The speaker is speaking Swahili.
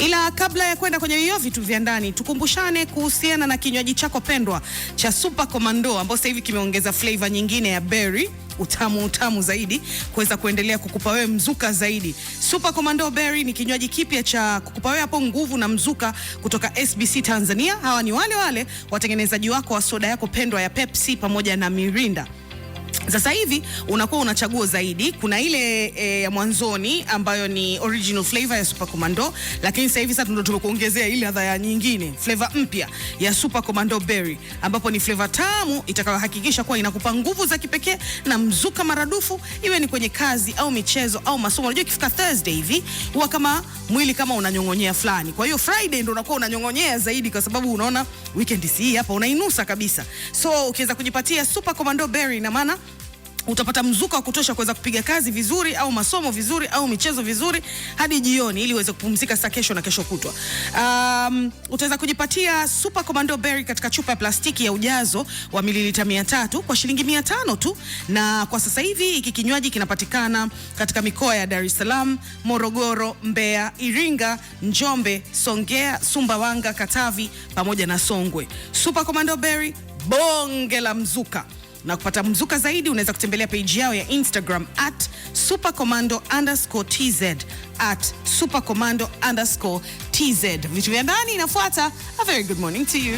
Ila kabla ya kwenda kwenye hiyo vitu vya ndani, tukumbushane kuhusiana na kinywaji chako pendwa cha Super Commando ambao sasa hivi kimeongeza flavor nyingine ya berry utamu utamu zaidi kuweza kuendelea kukupa wewe mzuka zaidi. Super Commando Berry ni kinywaji kipya cha kukupa wewe hapo nguvu na mzuka kutoka SBC Tanzania. Hawa ni wale wale watengenezaji wako wa soda yako pendwa ya Pepsi pamoja na Mirinda. Sasa hivi unakuwa una chaguo zaidi. Kuna ile eh, ya e, mwanzoni ambayo ni original flavor ya Super Commando, lakini sasa hivi sasa ndio tumekuongezea ile adha ya nyingine, flavor mpya ya Super Commando Berry, ambapo ni flavor tamu itakayohakikisha kuwa inakupa nguvu za kipekee na mzuka maradufu, iwe ni kwenye kazi au michezo au masomo. Unajua ikifika Thursday hivi huwa kama mwili kama unanyong'onyea fulani, kwa hiyo Friday ndio unakuwa unanyong'onyea zaidi, kwa sababu unaona weekend si hapa unainusa kabisa. So ukiweza kujipatia Super Commando Berry, na maana utapata mzuka wa kutosha kuweza kupiga kazi vizuri au masomo vizuri au michezo vizuri hadi jioni, ili uweze kupumzika saa kesho na kesho kutwa. Um, utaweza kujipatia Super Commando Berry katika chupa ya plastiki ya ujazo wa mililita 300 kwa shilingi 500 tu, na kwa sasa hivi hiki kinywaji kinapatikana katika mikoa ya Dar es Salaam, Morogoro, Mbeya, Iringa, Njombe, Songea, Sumbawanga, Katavi pamoja na Songwe. Super Commando Berry, bonge la mzuka. Na kupata mzuka zaidi unaweza kutembelea peji yao ya Instagram at supercommando underscore tz at supercommando underscore tz. Vitu vya ndani inafuata. A very good morning to you.